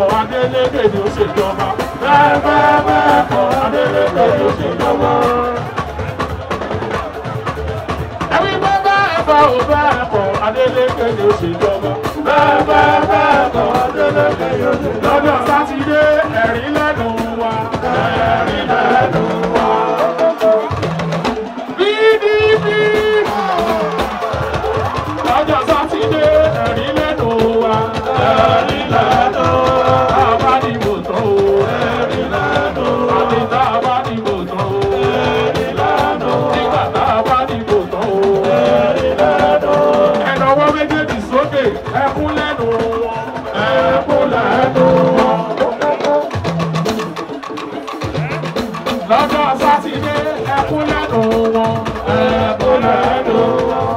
kọ̀ Adélékè ni ó ṣèjọba bẹ́ẹ̀bẹ́ẹ̀bẹ́ kọ̀ Adélékè ni ó ṣèjọba. ẹbí bẹ́ẹ̀ bá ò bẹ́ẹ̀ kọ̀ Adélékè ni ó ṣèjọba bẹ́ẹ̀bẹ́ẹ̀bẹ́ kọ̀ Adélékè ni ó ṣèjọba. lọ́jọ́ sátidé ẹ̀rín lẹ́nu. lẹ́nu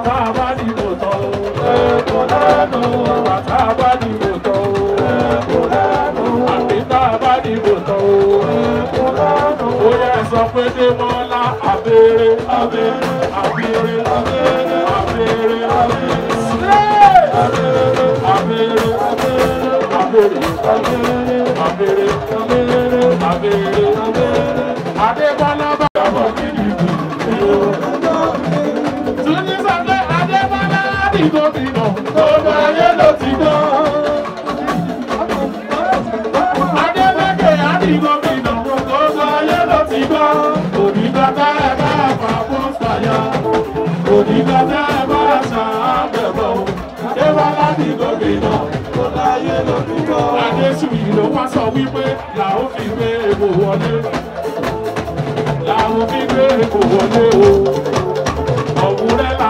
tá a bá ní kò tọ́ o. Èkó lẹ́nu wà tá a bá ní kò tọ́ o. Èkó lẹ́nu àbí tá a bá ní kò tọ́ o. Èkó lẹ́nu ó yẹ sọ pé Démọ́lá abẹ́rẹ́ abẹ́rẹ́ abẹ́rẹ́ abẹ́rẹ́ abẹ́rẹ́ abẹ́rẹ́ abẹ́rẹ́ abẹ́rẹ́ abẹ́rẹ́ abẹ́rẹ́ abẹ́rẹ́ abẹ́rẹ́. òdìgbà tẹ́ ẹ bá sàn án bẹ̀bọ̀ o. Adébọ́lá ní gómìnà tó láyé lórúkọ. Adésùyì ló wá sọ wípé làwọn fi gbé epo wọlé. Làwọn fi gbé epo wọlé o. Ọ̀wúrẹ́là.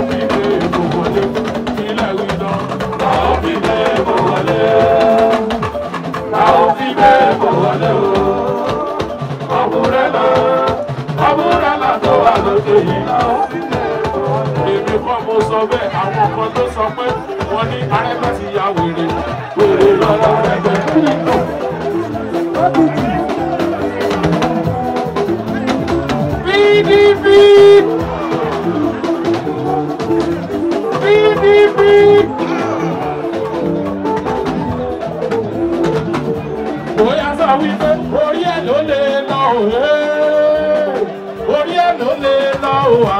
sọ bẹ́ẹ̀ àwọn kan ló sọ pé wọ́n ní arẹ́gbẹ́ ti ya wèrè wèrè lọ́wọ́ ẹgbẹ́ nínú. PDP PDP. bóyá sọ wípé orí ẹ̀ ló lè lọ òwe orí ẹ̀ ló lè lọ òwà.